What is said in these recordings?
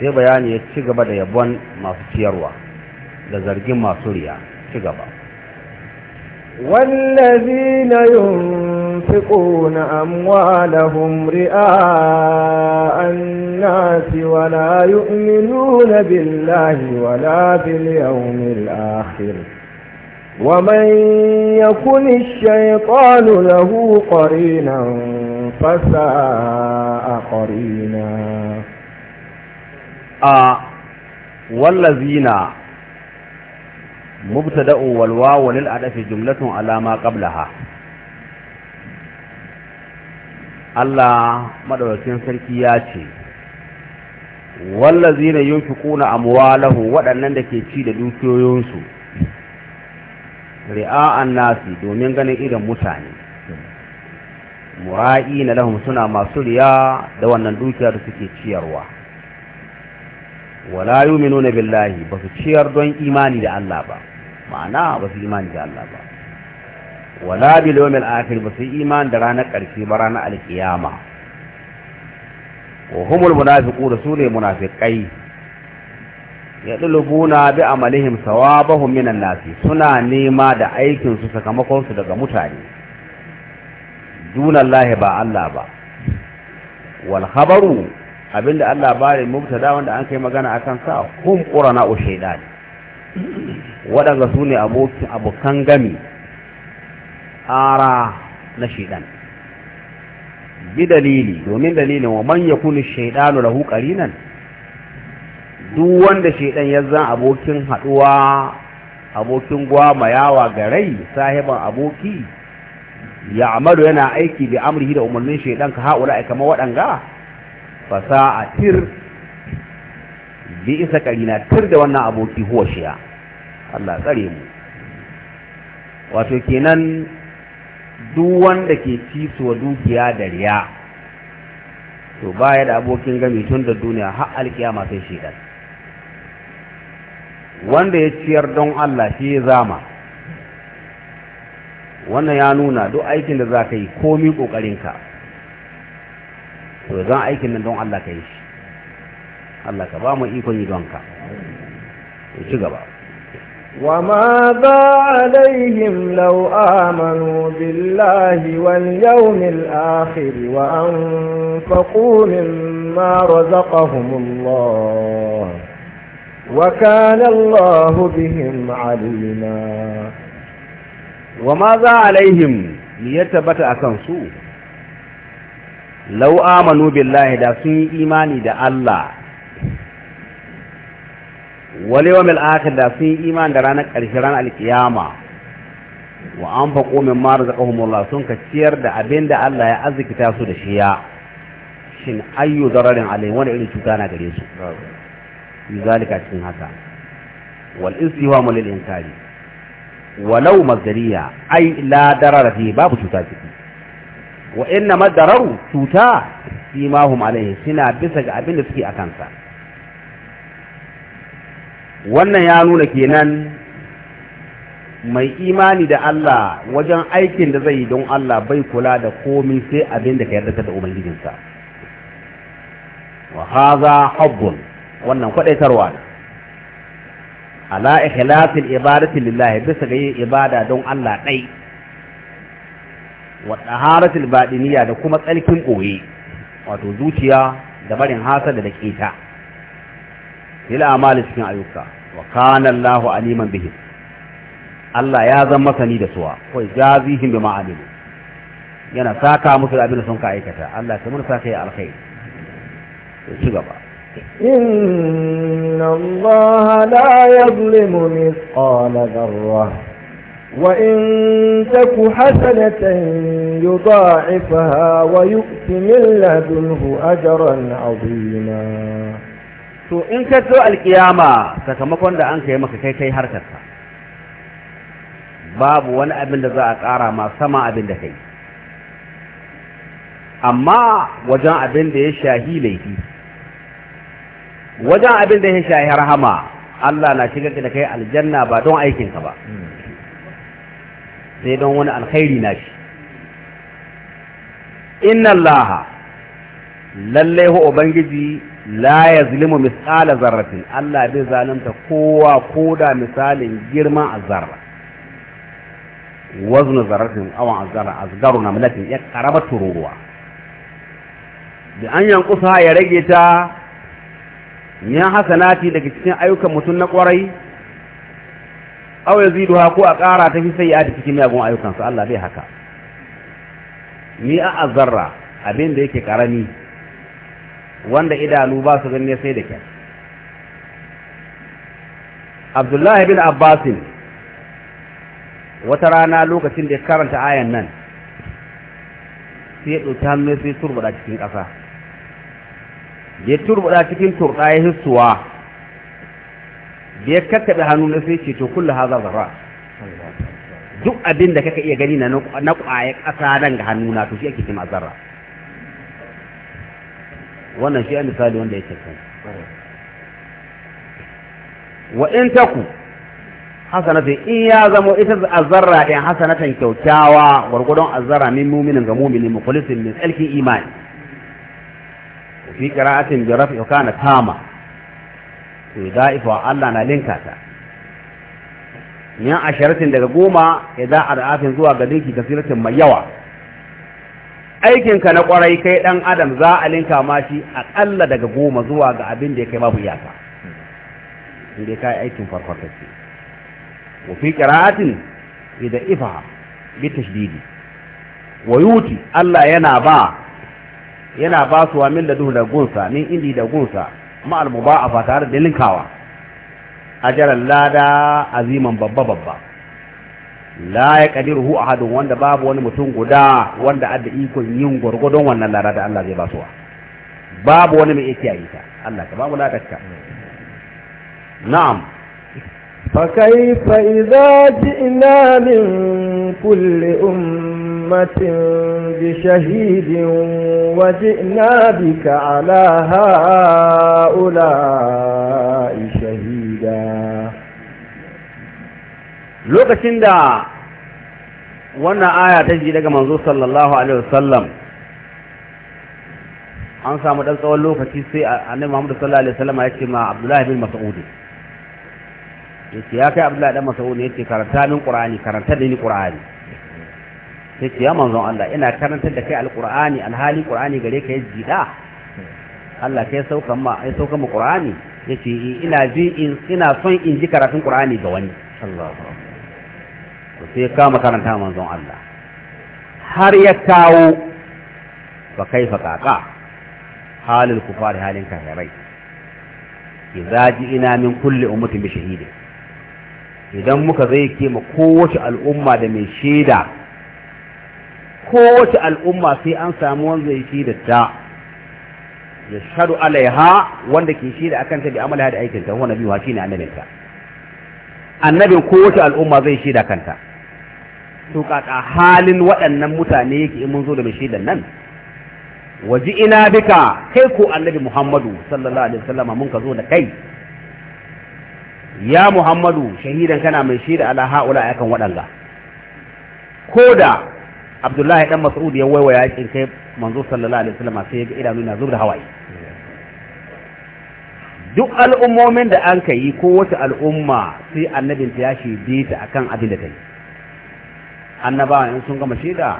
sai bayani ya ci gaba da yabon masu ciyarwa da zargin masu riya ci gaba والذين ينفقون أموالهم رئاء الناس ولا يؤمنون بالله ولا باليوم الآخر ومن يكن الشيطان له قرينا فساء قرينا a wallazina mubtada'u wal wawu lil adafi jumlatun ala ma qablaha Allah madaukakin sarki ya ce wallazina yunfiquna amwalahu waɗannan da ke ci da dukiyoyinsu ri'a nasi domin ganin irin mutane mura'ina lahum suna masu riya da wannan dukiyar da suke ciyarwa wala yu'minuna billahi ba su ciyar don imani da Allah ba ma'ana ba su imani da Allah ba wala bil yawmil akhir ba su imani da ranar ƙarshe ba ranar alkiyama wa humul munafiquna sune munafiqai yadlubuna bi amalihim sawabahum minan nasi suna nema da aikin su sakamakon su daga mutane dunallahi ba Allah ba wal khabaru abinda Allah bari mubtada wanda an kai magana akan sa hum qurana ushaidan wadanga su ne abokin abokan gami ara na shaidan bi dalili domin dalilin wa man yakunu shaidanu lahu qarinan duk wanda shaidan ya zan abokin haduwa abokin gwamayawa ga rai sahiban aboki ya amaru yana aiki bi amrihi da umarnin shaidan ka haula kamar waɗanga fasa'a tir bi isa karina tir da wannan aboki huwa shiya Allah tsare mu wato kenan duk wanda ke ci wa dukiya da riya to baya da abokin gami tun da duniya har alkiyama sai shedan wanda ya ciyar don Allah shi ya zama wannan ya nuna duk aikin da za ka yi komi ƙoƙarinka to zan aikin nan don Allah ka yi shi Allah ka ba mu ikon yi don ka ci gaba وماذا عليهم لو آمنوا بالله واليوم الآخر وأنفقوا مما رزقهم الله وكان الله بهم عليما وماذا عليهم ليتبت أكنسوه lau amanu billahi da sun yi imani da Allah wale wa mil'akir da sun yi imani da ranar ƙarshe ranar alkiyama wa an faƙo min mara zaƙa sun ka ciyar da abin da Allah ya arzikita su da shi ya shin ayyu zararin alai wani irin cuta na gare su yi zalika cikin haka wal istiwa mulil inkari walau mazdariya ai la darara fi babu cuta ciki wa inna madararu cuta fi mahum alaihi suna bisa ga abin da suke a kansa wannan ya nuna kenan mai imani da Allah wajen aikin da zai yi don Allah bai kula da komi sai abin da ka yarda da ubangijinsa wa haza hubbun wannan kwadaitarwa ne ala ikhlasil ibadati lillahi bisa ga yin ibada don Allah dai wa taharatul badiniya da kuma tsarkin koyi wato zuciya da barin hasada da ta lil amali cikin ayyuka wa kana Allahu aliman bihi Allah ya zan masani da suwa ko jazihim bi ma'alimu yana saka musu abin da sun ka aikata Allah ta mun saka ya alkhairi ci gaba إن الله لا يظلم مثقال ذرة وإن تك حسنة يضاعفها ويؤت من لدنه أجرا عظيما to in ka so alkiyama sakamakon da an kai maka kai kai harkarka babu wani abin da za a ƙara ma sama abin da kai amma wajen abin da ya shahi laifi wajen abin da ya shahi rahama Allah na shiga da kai aljanna ba don aikinka ba hmm. sai don wani alkhairi na shi inna Laha, lalle hu ubangiji la yazlimu misala zarratin Allah bai zalunta kowa koda misalin girman azarra waznu zarratin awan zarra, asgaru na milatin ya karaba tururuwa da an yankusa ya rage ta ya hasanati daga cikin ayyukan mutum na kwarai aw yaziduha ko a ƙara ta fi sayyi'ati cikin miyagun ayyukansu sa Allah bai haka ni a azarra abin da yake karami wanda idanu ba su ganin sai da kyau Abdullahi bin Abbasin wata rana lokacin da ya karanta ayan nan sai ya ɗauki hannu sai turbada cikin ƙasa ya turbada cikin turɗa ya hissuwa da ya kakkaɓe hannu na sai ce to ha za zara duk abin da kaka iya gani na na ƙwaye ƙasa nan ga hannu na to shi ake kima zarra wannan shi a misali wanda ya cakka. wa in taku hasanatan in ya zamo ita a zarra ɗin hasanatan kyaukyawa gwargwadon a zarra min muminin ga muminin mukhlisin min tsalkin imani fi qira'atin bi raf'i kana tama ifa Allah na linka ta min asharatin daga goma idan arafin zuwa ga dinki kasiratin mai yawa Aikinka na kwarai kai dan adam za a linka ma shi kalla daga goma zuwa ga abin da ya kai babu iyaka inda kai aikin farfarta ce wa fi qira'atin idan ifa bi tashdidi wa yuti Allah yana ba yana ba su wa min da gunsa min indi da gunsa ma'al muba'afa tare da linkawa ajaran lada aziman babba babba la ya kadiruhu ahadun wanda babu wani mutum guda wanda adda ikon yin gwargwadon wannan lada da Allah zai ba su babu wani mai iya kiyaye ta Allah ka babu ka na'am فكيف إذا جئنا من كل أمة بشهيد وجئنا بك على هؤلاء شهيدا لوكاشين دا wannan aya ta ji daga manzo sallallahu alaihi wasallam an samu ɗan tsawon lokaci sai annabi Muhammad sallallahu alaihi wasallam ya ce ma Abdullahi bin Mas'ud yace ya kai abdullahi dan mas'ud yace karanta min qur'ani karanta da ni qur'ani yace ya manzon Allah ina karantar da kai alqur'ani alhali qur'ani gare ka yaji da Allah kai saukan ma ai saukan mu qur'ani yace eh, ina ji ina son in ji karatun qur'ani ga wani Allahu akbar sai kama karanta manzon Allah har ya kawo fa kaifa kaka halil kufar halin kafirai idza ji ina min kulli ummatin bi shahidin idan muka zai ke ma kowace al'umma da mai shaida kowace al'umma sai an samu wanda ya shaida ta ya shaɗu alaiha wanda ke shaida akan ta amala da aikinta wanda biyu ha shine annabinta annabin kowace al'umma zai shaida kanta to kaka halin waɗannan mutane yake in mun zo da mai shaidan nan waji ina bika kai ko annabi muhammadu sallallahu alaihi wasallam mun ka zo da kai ya muhammadu shahidan kana mai shida ala haula yakan waɗanga ko da abdullahi dan mas'ud ya waiwaya ya kai manzo sallallahu alaihi wasallam sai ya ga idanu na zubda hawaye duk al'ummomin da an kai ko wata al'umma sai annabin ta ya shide ta akan abin da ta yi annabawa in sun gama shaida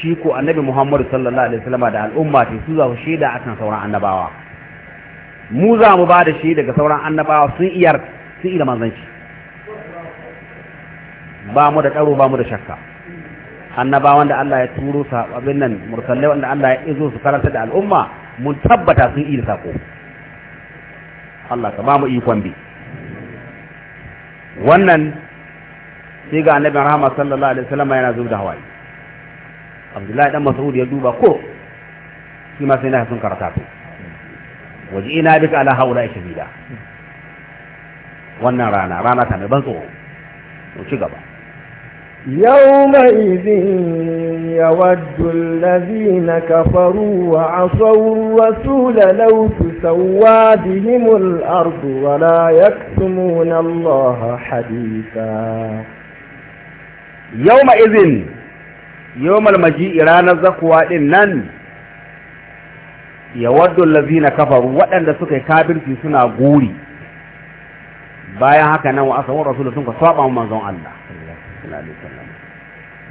shi ko annabi muhammadu sallallahu alaihi wasallam da al'umma ta su za su shaida akan sauran annabawa mu za mu ba da shi daga sauran annabawa sun iyar sun iya manzanci ba mu da ƙaro ba mu da shakka annabawan da Allah ya turo abin nan mursalai wanda Allah ya izo su karanta da al'umma mun tabbata sun iya sako Allah ka ba mu ikon bi wannan sai ga annabin rahama sallallahu alaihi wasallam yana zuwa da hawaye Abdullahi dan Mas'ud ya duba ko shi ma sai na sun karata to وجئنا بك على هؤلاء shahida وانا رانا رانا تاني بلطو ban يومئذ يود الذين كفروا وعصوا الرسول لو تسوى بهم الأرض ولا يكتمون الله حديثا يومئذ يوم المجيء رانا زقوا إنن ya waddu allazina kafaru waɗanda suka yi kafirci suna guri bayan haka nan wa asawar rasulun sun ka saba manzon Allah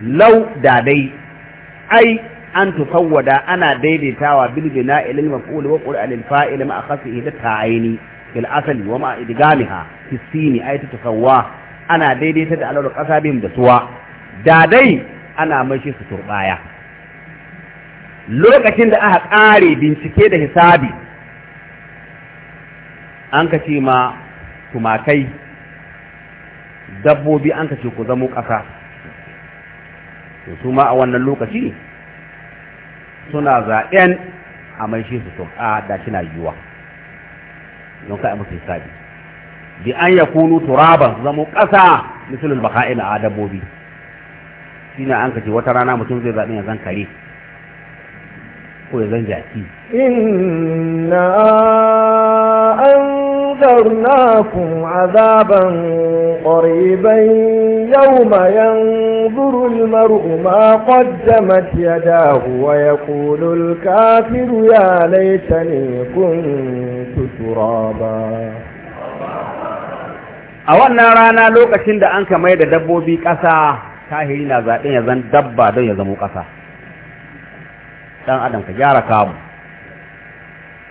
lau da dai ai an tusawwada ana daidaitawa bil bina ilal maf'ul wa qur'an al fa'il ma akhasihi da ta'ayini fil asli wa ma idgamiha fi sini ay ana daidaita da alal qasabi da suwa da dai ana mai shi su turbaya lokacin da aka ƙare bincike da hisabi an ka ce ma tumakai dabbobi an ka ce ku zamo ƙasa su ma a wannan lokaci suna zaɓen a mai shi su a da shi na yiwuwa don ka musu hisabi bi an ya kunu turaban zamo ƙasa misalin baka'ila a dabbobi shi ne an ka ce wata rana mutum zai zaɓi yanzu kare ko ya zanja ki inna anzarnakum azaban qariban yawma yanzuru almar'u ma qaddamat yadahu wa yaqulu alkafiru ya laytani kuntu turaba a wannan rana lokacin da an mai da dabbobi ƙasa tahiri na zaɓen ya zan dabba don ya zamo ƙasa dan adam ka gyara kamu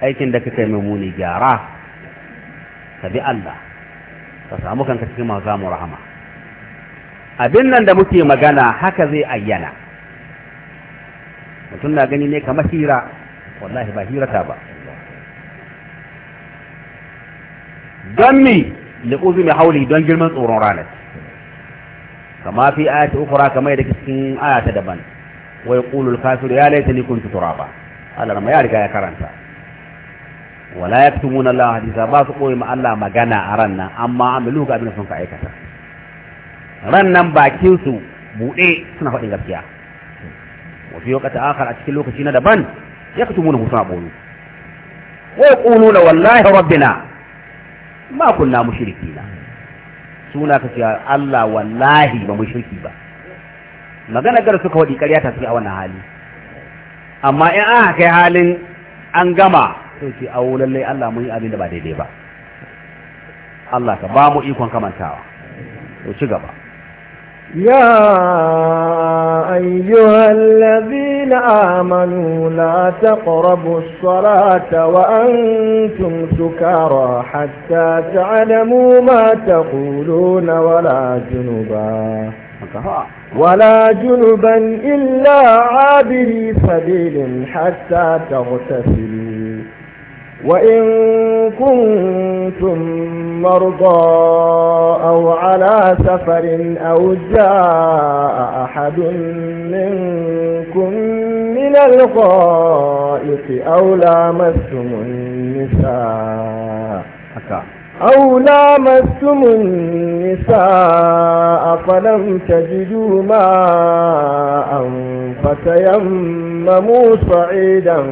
aikin da kake mai muni gyara ka bi Allah ka samu kanka cikin masu samun rahama abin nan da muke magana haka zai ayyana mutum na gani ne kamar hira wallahi ba hirata ba don mi liƙuzi mai hauli don girman tsoron ranar kama fi ayata ukura kama da cikin ayata daban wa yaqulu al-kafir ya laitani kuntu turaba Allah ya riga ya karanta wala ya yaktumuna Allah hadisa ba su koyi ma Allah magana a ran nan amma amilu ga abin sun ka aikata ran nan bakin su bude suna faɗin gaskiya Wasu fi waqti akhar a cikin lokaci na daban yaktumuna suna boye wa yaquluna wallahi rabbina ma kunna na suna kace Allah wallahi ba mushriki ba magana gar suka waɗi ƙarya ta suke a wannan hali amma in an kai halin an gama to ce awo lalle Allah mun yi abin da ba daidai ba Allah ka ba mu ikon kamantawa to ci gaba يا أيها الذين آمنوا لا تقربوا الصلاة وأنتم سكارى حتى تعلموا ما تقولون ولا جنبا ولا جنبا إلا عابري سبيل حتى تغتسلوا وإن كنتم مرضى أو على سفر أو جاء أحد منكم من الغائط أو لامستم النساء أو لامستم النساء فلم تجدوا ماء فتيمموا صعيدا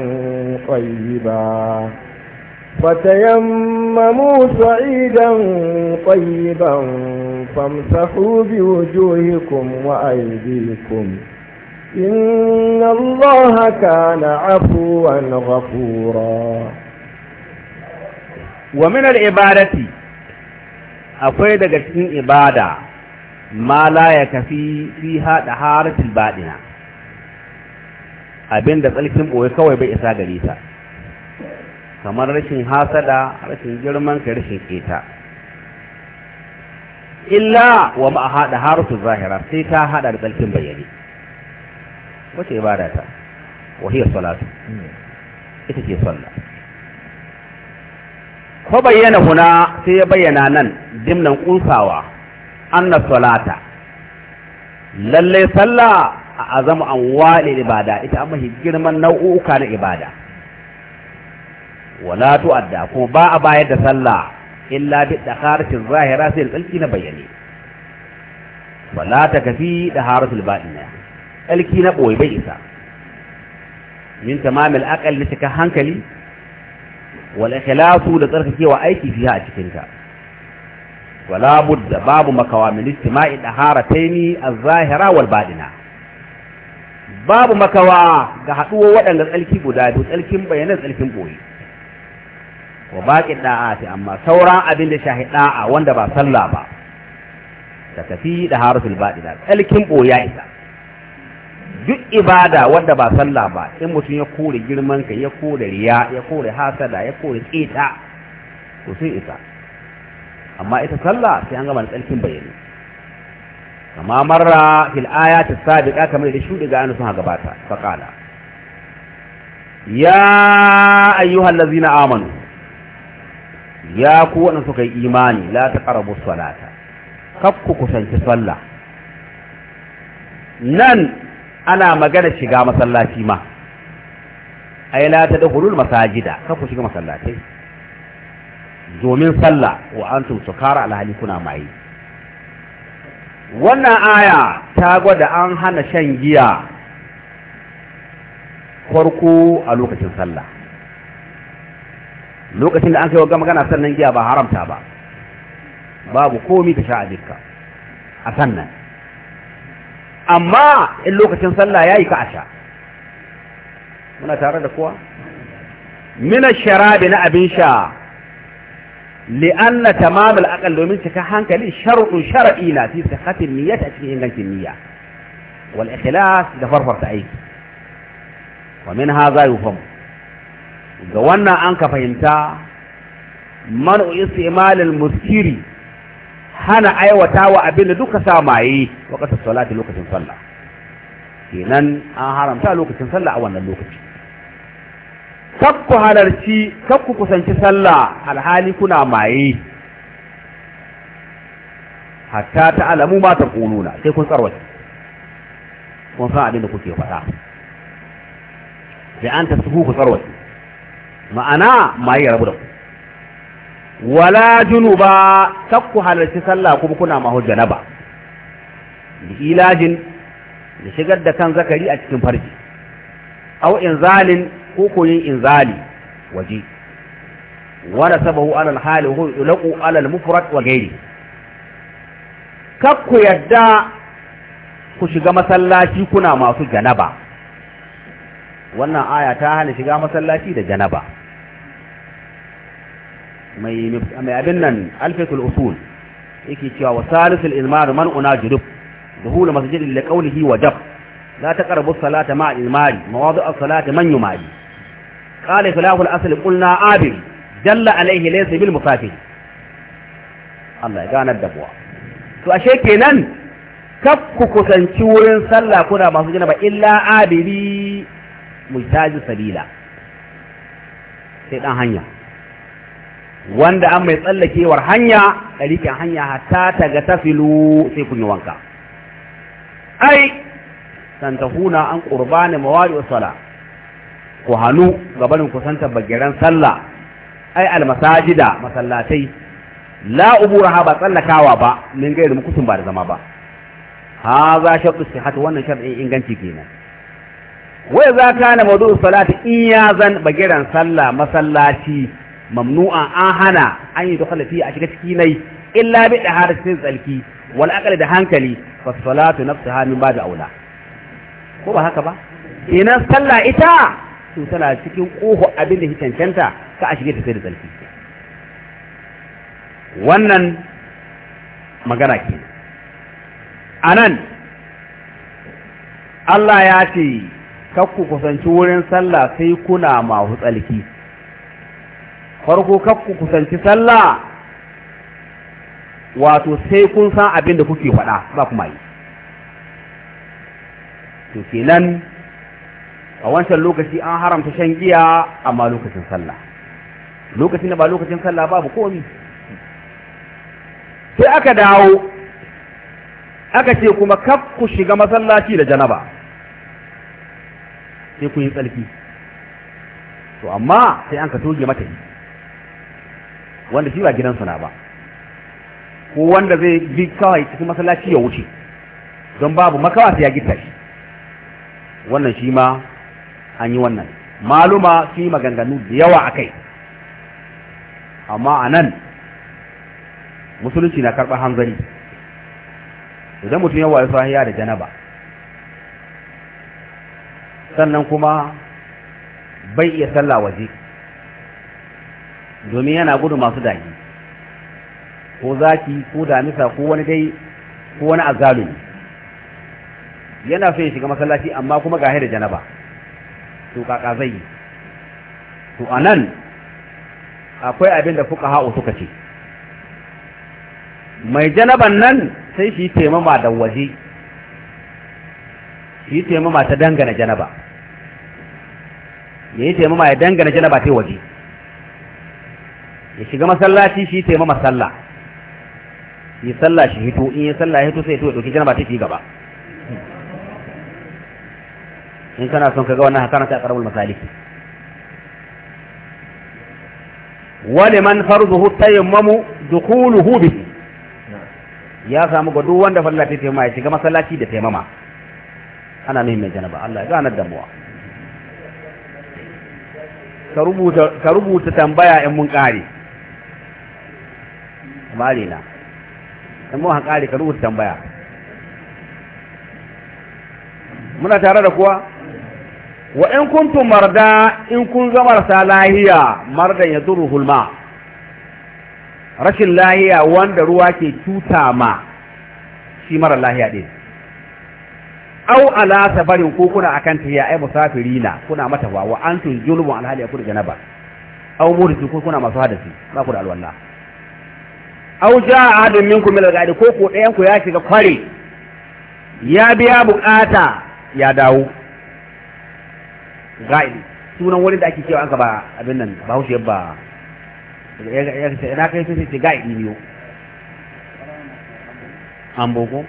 طيبا فتيمموا صعيدا طيبا فامسحوا بوجوهكم وأيديكم إن الله كان عفوا غفورا wa min ibadati akwai daga cikin ibada ma la ya kafi fi haɗa haratul baɗina, abinda tsalkin boye kawai bai isa gare ta kamar rashin hasada rashin girman ka rashin keta illa wa ma haɗa haratul zahira sai ta haɗa da tsalkin bayani wace ibada ta wahiyar salatu ita ce sallah ko bayyana huna sai ya bayyana nan dimnan kunsawa anna salata lalle sallah a azamu an wale ibada ita amma girman nau'uka na ibada wala tu'adda kuma ba a bayar da sallah illa bi dakaratin zahira sai alƙi na bayyane wala ta kafi da alƙi na ɓoye bai isa min tamamil aqal ni cika hankali wal ikhlasu da tsarkakewa aiki fiye a cikin ta wala budda babu makawa min istima'i daharataini a zahira wal batina babu makawa ga haduwa waɗanda tsarki guda biyu tsarkin bayanan tsalkin boye wa baqi da'ati amma sauran abin da shahi da'a wanda ba sallah ba da tafi da harfil batina tsalkin boya isa duk ibada wanda ba sallah ba in mutum ya kore girman ka ya kore riya ya kore hasada ya kore tsita to sai isa amma ita sallah sai an gama da tsarkin bayani kama marra fil ayati sabiqa kamar da shuɗi ga annabi sun gabata faqala ya ayyuhal amanu ya ku wanda suka yi imani la taqrabu salata kakku kusanci sallah nan ana magana shiga masallaci ma ai la ta dakhulul masajida ka ku shiga masallatai domin sallah wa antum sukara alhali kuna mai wannan aya ta gwada an hana shan giya farko a lokacin sallah lokacin da an kai wa magana sannan giya ba haramta ba babu komi ta sha a a sannan amma in lokacin sallah yayi ka asha muna tare da kuwa? mina sharabi na abin sha li'anna tamam al-aqal domin cika hankali shar'u shar'i na fi sihhatin niyyati a cikin ingancin niyya wal ikhlas da farfarta aiki wa min hadha yufham ga wannan an ka fahimta man istimal al-muskiri hana aiwata wa abin da duka sa maye waqtas salati lokacin sallah kenan an haramta lokacin sallah a wannan lokaci kakku halarci kakku kusanci sallah alhali kuna maye hatta ta alamu ma ta kununa sai kun tsarwace kun san abin da kuke faɗa sai an ta suhu ku tsarwace ma'ana maye rabu da ku wala junuba ku halarci sallah kuma kuna mahu janaba da ilajin da shigar da kan zakari a cikin farji au inzalin ko koyin inzali waje wala sabahu al hali ko yulaqu al mufrad wa gairi ku yadda ku shiga masallaci kuna masu janaba wannan aya ta hana shiga masallaci da janaba mai abin nan alfatul usul yake cewa wa salisul ilmar man una jurub duhul masjid li qawlihi wajab la taqrabu salata ma'a ilmari mawadu as-salati man yumari qala falahul asl qulna abir jalla alayhi laysa bil musafir Allah ya ganar da buwa to ashe kenan kaf ku kusanci wurin sallah kuna masu janaba illa abiri mujtaji sabila sai dan hanya wanda an mai tsallakewar hanya ɗarikin hanya hatta ta ga tafilu sai kun yi wanka ai Huna an qurbani mawari sala ku hannu gabanin kusanta bagiran sallah ai almasajida masallatai la uburaha ba tsallakawa ba min gairu mukutun ba da zama ba Ha za haza shartu sihhat wannan shar'in inganci kenan wai za kana mawdu'us sala in ya zan bagiran sallah masallaci mamnu'a an hana an yi dukkan fiye a shiga ciki nai illa bi da har cikin tsalki wal aqli da hankali fa salatu nafsaha min ba da aula ko ba haka ba sallah ita to tana cikin ka a shige ta da tsalki wannan magana ke anan Allah ya ce kakku kusanci wurin sallah sai kuna mahu tsalki farko kakku kusanci sallah wato sai kun san abin da kuke faɗa ba kuma yi to kenan a wancan lokaci an haramta shan giya amma lokacin sallah lokacin da ba lokacin sallah babu komi sai aka dawo aka ce kuma kakku ku shiga masallaci da janaba sai kun yi tsarki to amma sai an ka toge mata yi wanda shi ba gidansu na ba ko wanda zai bi kawai cikin masallaci ya wuce don babu makawa ya gita shi wannan shi ma an yi wannan maluma su yi maganganu da yawa a kai amma a nan musulunci na karɓar hanzari idan mutum yawa ya sahiya da janaba sannan kuma bai iya sallah waje domin yana gudu masu dagi ko zaki ko damisa ko wani dai ko wani azalumi yana so ya shiga masallaci amma kuma gahe da janaba to kaka zai yi to anan akwai abin da fuka ha'u suka ce mai janaban nan sai shi taimama da waje shi taimama ta dangana janaba ya yi taimama ya dangana janaba ta waje ya shiga masallaci shi sai ma sallah yi sallah shi hito in yi sallah hito sai to ya dauki janaba ta ci gaba in kana son ka ga wannan hakana ta karamul masalik wani man farduhu tayammamu dukhuluhu bihi ya samu ga duk wanda falla ta taimama ya shiga masallaci da taimama ana mai mai janaba Allah ya gane damuwa ka rubuta tambaya in mun kare bare na in mu hankali ka rubuta tambaya muna tare da kuwa wa in kuntum marda in kun zama marasa lahiya marda ya zuru hulma rashin lahiya wanda ruwa ke cuta ma shi mara lahiya ɗin au ala safarin ko kuna akan tafiya ai musafiri na kuna mata wa antum junubun alhali ya kuna janaba au murisu ko kuna masu hadasi ba ku da alwallah au ja adun minkum min gadi ko ko ɗayan ku ya shiga kware ya biya bukata ya dawo ga'idi sunan wani da ake cewa an ka ba abin nan ba ya ya ba na kai sun ce ga'idi yo an boko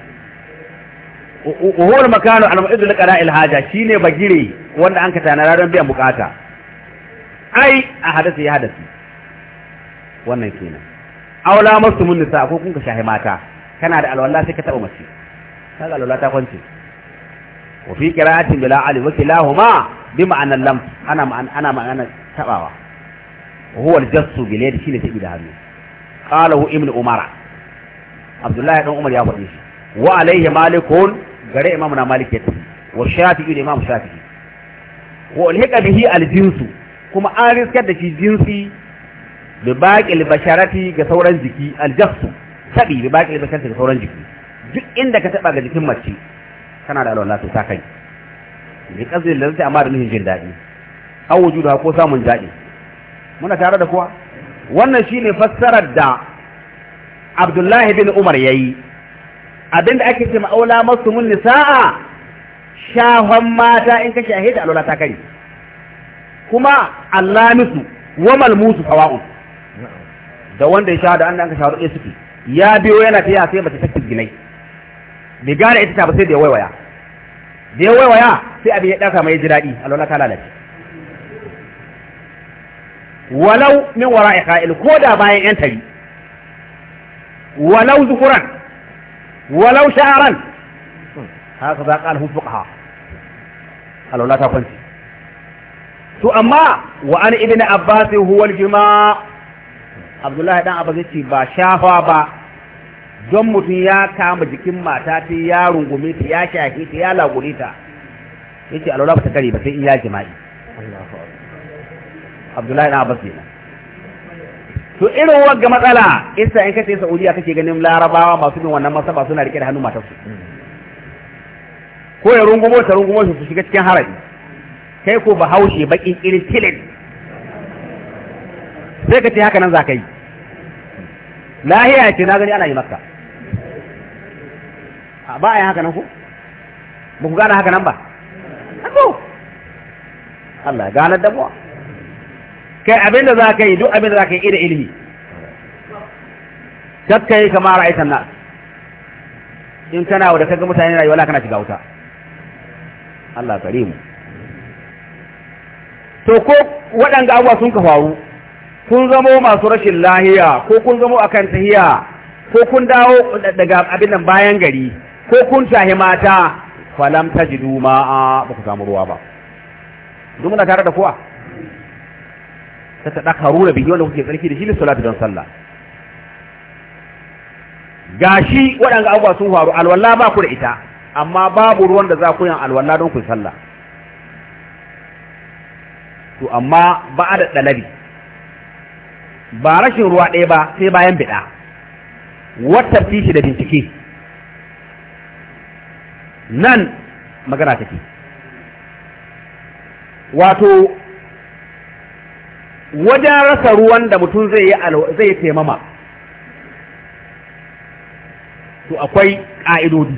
uhur makano al-mu'izzu li qada'il haja shine bagire wanda an ka tanara don biyan bukata ai a hadasi ya hadasi wannan kenan aula masu mun nisa ko kun ka shahi mata kana da alwala sai ka taba mace kaga alwala ta kwance wa fi qira'atin bila ali, wa kilahuma bi ma'anan lam ana ma'an ana ma'ana tabawa huwa al-jassu bi ladi shine tabi da hannu qalahu ibn umar abdullahi dan umar ya faɗi shi wa alayhi malikun gare imamu na malik yati wa shafi'i da imamu shafi'i wa ulhiqa bihi al-jinsu kuma an riskar da shi jinsi bi baqil basharati ga sauran jiki aljafsu tabi bi baqil basharati ga sauran jiki duk inda ka taɓa ga jikin mace kana da alwala to ta kai bi qazil lazati amma da nufin jin dadi aw wujuda ko samun dadi muna tare da kuwa? wannan shine fassarar da Abdullahi bin Umar yayi abinda ake ce ma'aula masumun nisa'a shahon mata in kashe a hita alwala ta kai kuma allamisu wa malmusu fawa'un da wanda ya shahada an da anka shahadu ɗaya suke ya biyo yana ta sai mace ta kirginai bai gane ita ta ba sai da ya waiwaya da ya waiwaya sai abin ya ɗauka mai ji daɗi alwala ta lalace walau min wara iqa'il ko da bayan yan tari walau zuhuran walau sha'aran haka za ka qala fuqaha alwala ta kwanci to amma wa an ibn abbas huwa al-jima' abdullahi dan zai ce ba shafa ba don mutum ya kama jikin mata ta ya rungume ta ya shahi ta ya lagure ta ce alwala ta kare ba sai in ya jima'i abdullahi dan abbas zai to irin ga matsala isa in kace saudiya kake ganin larabawa masu bin wannan masaba suna rike da hannu matar su, mm. ko ya rungumo ta rungumo shi su shiga cikin harabi kai ko ba haushe bakin irin tilin sai ka ce haka nan za ka yi lahiya ce na gani ana yi maka ba a yi haka nan ku ba ku gane haka nan ba ko Allah da buwa kai abin da za ka yi duk abin da za ka yi da ilimi kakka yi kamar ra'aitan na in kana da kaga mutane rayuwa la kana shiga wuta Allah karimu to ko waɗanga abuwa sun ka faru kun zamo masu rashin lahiya ko kun zamo akan tahiya ko kun dawo daga abin nan bayan gari ko kun tahi mata falam tajidu ma'a ba ku samu ruwa ba duk muna tare da kuwa? ta ta dakaru da wanda kuke tsarki da shi ne salatu don sallah gashi waɗanda abubuwa sun faru alwala ba ku da ita amma babu ruwan da za ku yin alwala don ku sallah to amma ba a da ɗalabi ba rashin ruwa ɗaya ba sai bayan biɗa wata shi da bincike nan magana take wato wajen rasa ruwan da mutum zai yi taimama to akwai ƙa'idodi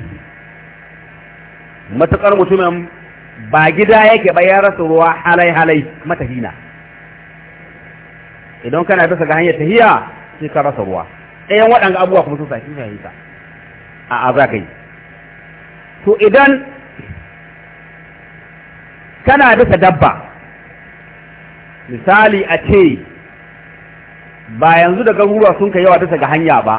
matuƙar mutumin ba gida yake bayan rasa ruwa halai-halai matahina idan kana bisa ga hanyar tahiya sai ka rasa ruwa ɗayan waɗanga abubuwa kuma sun saki sai ka a a to idan kana bisa dabba misali a ce ba yanzu da garuruwa sun ka yawa bisa ga hanya ba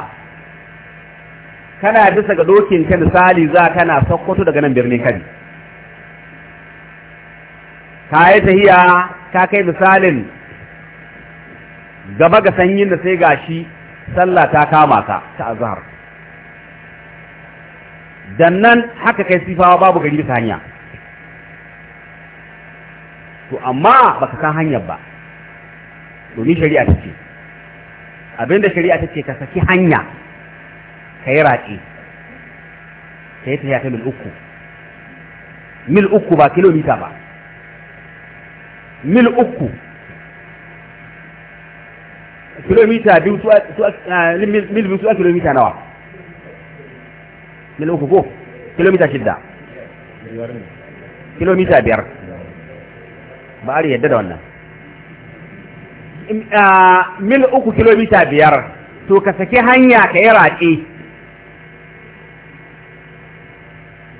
kana bisa ga dokin ka misali za kana sokoto daga nan birnin kadi ka yi tahiya ka kai misalin gaba ga sanyin da sai gashi sallah ta kama ka ta azhar dan nan haka kai sifawa babu gari ta hanya to amma baka kan hanyar ba domin shari'a ta ce abinda shari'a ta ce ka saki hanya ka yi raƙe ka yi tafiya ta mil uku mil uku ba kilomita ba mil uku kilomita biyu mil biyu su a kilomita nawa mil uku ko kilomita shidda kilomita biyar ba a yadda da wannan mil uku kilomita biyar to ka saki hanya ka yi raƙe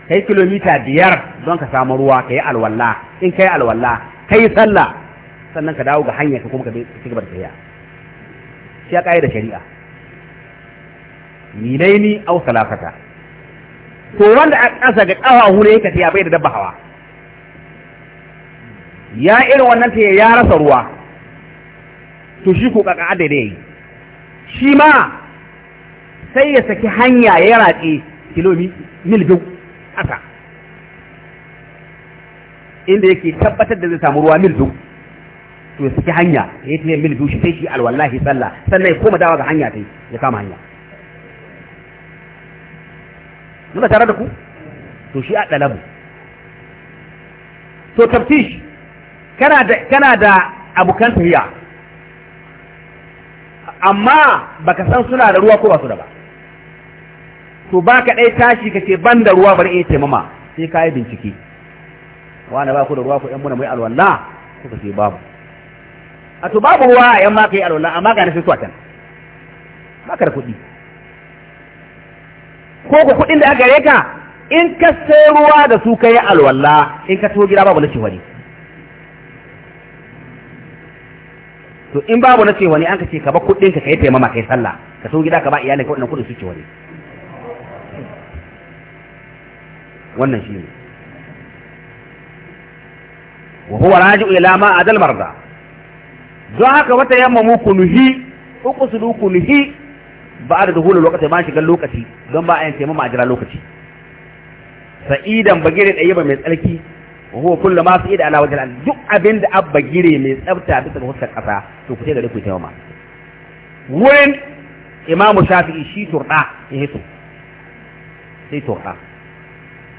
ka yi kilomita biyar don ka samu ruwa ka yi alwallah in ka yi alwallah ka yi sallah sannan ka dawo ga hanya ka kuma ka ci gaba da tafiya sai ya da shari'a milaini au salafata to wanda a ƙasa ga ƙafa hure yake tafiya bai da dabba hawa ya irin wannan ta ya rasa ruwa to shi ko kaka da dai shi ma sai ya saki hanya ya ratse kilomi mil biyu ƙasa inda yake tabbatar da zai samu ruwa mil biyu to saki hanya ya yi mil biyu shi sai shi alwallahi sallah sannan ya koma dawa ga hanya ta ya kama hanya muna tare da ku to shi a ɗalabu to tabtish kana da abokan tafiya amma baka san suna da ruwa ko ba su da ba to baka ɗai tashi ka ce ban da ruwa bari in taimama sai yi bincike wani ba ku da ruwa ko ƴan muna mai alwallah ko ka ce babu a to babu ruwa a yamma kai alwala amma ga nasu suwatan baka da kuɗi ko ku kuɗin da aka gare ka in ka sai ruwa da su kai alwala in ka to gida babu na wani to in babu na wani an ka ce ka ba kuɗin ka kai taimama kai sallah ka so gida ka ba iyalin ka wannan kuɗin su ce wani wannan shi ne wa huwa raji'u ila ma marda don haka wata yamma mu kunuhi uku su kunuhi ba da duhulul lokaci ba shigan lokaci don ba a yin taimama a jira lokaci sa'idan bagire da yaba mai tsarki wa huwa kullu ma sa'ida ala wajhi al duk abin da abba gire mai tsafta bisa ga huskar kasa to ku da ku taimama wurin imamu shafi'i shi turda ya hito sai turda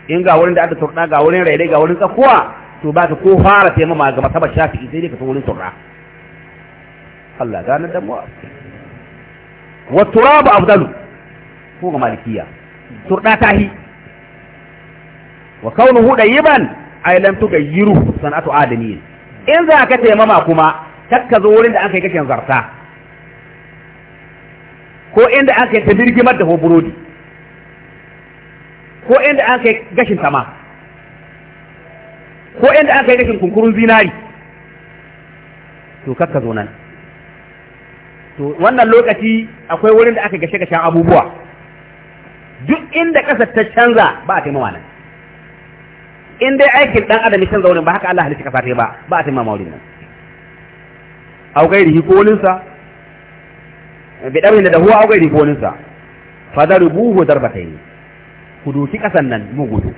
in ga wurin da aka turda ga wurin raidai ga wurin tsakuwa to ba ka ko fara taimama ga masabar shafi'i sai dai ka ta wurin turda Allah gane da mu wa turabu afdalu ko ga malikiya turda tahi wa kaunuhu dayiban ay lam tugayiru sanatu adami in za ka taimama kuma takka zo wurin da an kai kashin zarta ko inda an kai ta birgimar da hoburodi ko inda an kai gashin sama ko inda an kai gashin kunkurun zinari to kakka zo nan to wannan lokaci akwai wurin da aka gashe gashen abubuwa duk inda ƙasa ta canza ba a taimawa nan in dai aikin dan adam ya canza wurin ba haka Allah halitta kasa ta ba ba a taimawa wurin nan au gairihi ko wurin sa bi dabin da huwa au gairihi ko wurin sa fadarubuhu darbatayn ku doki kasan nan mu gudu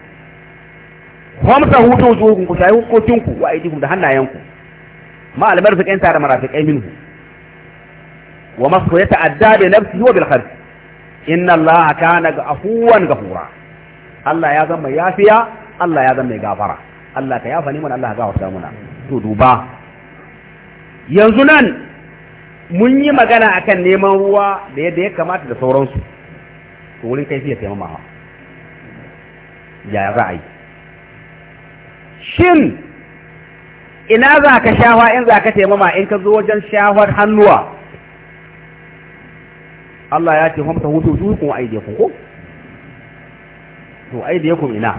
hamsa hutu zuwa ku shayi hukuncinku wa aidikum da hannayenku ma albarfiqin tare marafiqai minhu wa masu ta'adda bi nafsihi wa bil kharf inna Allah kana afuwan ghafura Allah ya zama yafiya Allah ya zama gafara Allah ka yafa mun Allah duba yanzu nan mun yi magana akan neman ruwa da yadda ya kamata da sauransu to wurin kai fiye taimama ya za shin ina za ka shafa in za ka taimama in ka zo wajen shawar hannuwa Allah ya ce famta hudu su kuma ku ko to ku ina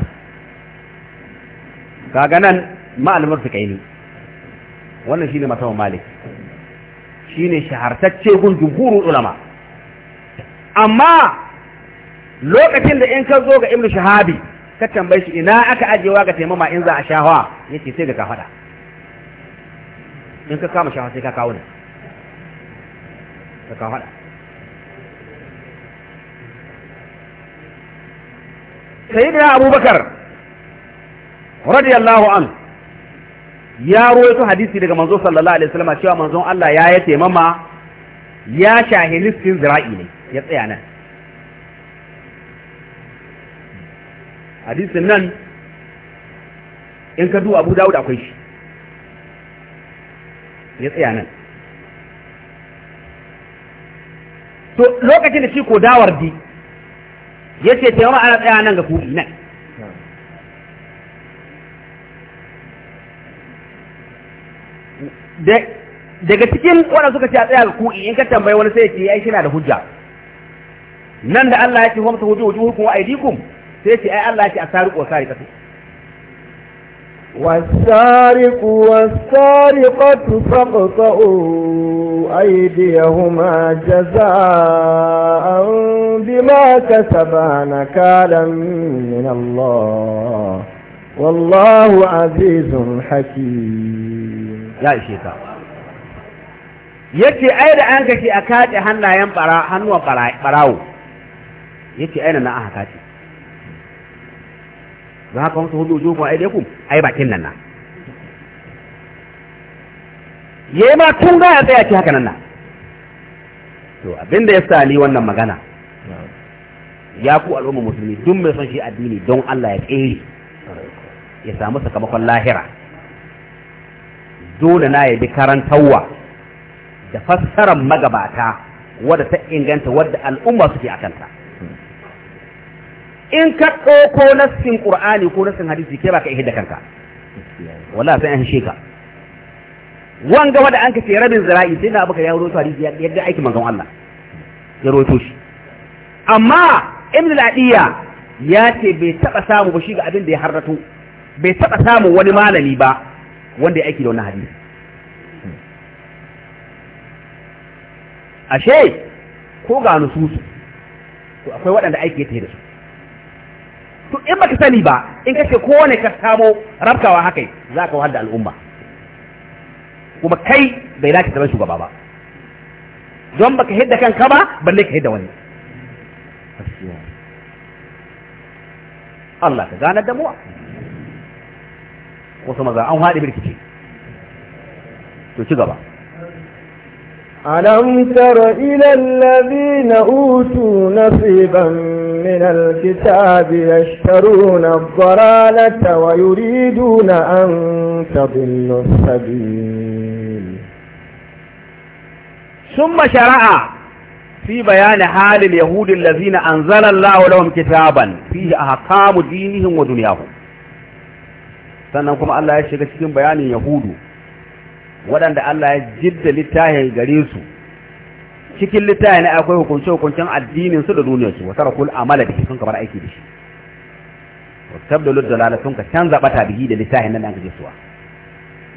kaga nan ma'almar su kai ni wannan shine matawan malik shine shahartacce gun jumhurul ulama amma lokacin da in ka zo ga ibnu shahabi ka tambaye shi ina aka ajewa ga taimama in za a shahawa yake sai ga kafada in ka kama shahawa sai ka kawo ne ka kawo sayyidina abubakar radiyallahu an ya rawaito hadisi daga manzo sallallahu alaihi wasallam cewa manzon Allah ya yi taimama ya shahi listin zira'i ne ya tsaya nan hadisin nan in ka duba Abu Dawud akwai shi ya tsaya nan to lokacin da shi ko dawar di yace ce wa ana tsaya nan ga kudi nan daga cikin wanda suka ce a tsaya ga kudi in ka tambayi wani sai ya ce ai shi na da hujja nan da Allah ya ce wa mutu wa aidikum sai ya ce ai Allah ya ce a sariqu sariqatu والسارق والسارقة فاقطعوا أيديهما جزاء بما كسبا نكالا من الله والله عزيز حكيم يا شيخ yace ai da an kace a kace hannayen bara hannuwan barawo yace ai na an kace don haka wasu hudu jufa a ku ai bakin nan na yi ma tun gaya ya tsaya ki haka nan na to abinda ya sali wannan magana ya ku al'umma musulmi duk mai son shi addini don Allah ya tsere ya samu sakamakon lahira dole na ya bi karantarwa da fassarar magabata wadda ta inganta wadda al'umma suke a kanta in ka ɗauko nassin qur'ani ko nassin hadisi ke ba ka ihe da kanka wallahi sai an sheka wanga da an kace rabin zira'i sai na abuka ya roto hadisi yadda aiki manzon Allah ya roto shi amma ibn al-adiya ya ce bai taba samu ba shi ga abin da ya harrato bai taba samu wani malami ba wanda ya aiki da wannan hadisi ashe ko ga nususu akwai waɗanda aiki ya tafi da su to in baka sani ba in kace kowane ka samo rabkawa haka za ka wahal al'umma kuma kai bai dace zama shugaba ba don baka hidda kanka ba balle ka hidda wani Allah ka gane da muwa wasu maza an haɗe birkice to ci gaba ألم تر إلى الذين أوتوا نصيبا من الكتاب يشترون الضلالة ويريدون أن تضلوا السبيل ثم شرع في بيان حال اليهود الذين أنزل الله لهم كتابا فيه أحكام دينهم ودنياهم sannan kuma Allah ya shiga cikin bayanin Yahudu waɗanda Allah ya jidda littafin gare su cikin littafin akwai hukunce hukuncen addinin su da duniyar su wata rakul amala da sun kamar aiki da shi tabdalu dalala sun ka canza bata bihi da littafin nan da kaje suwa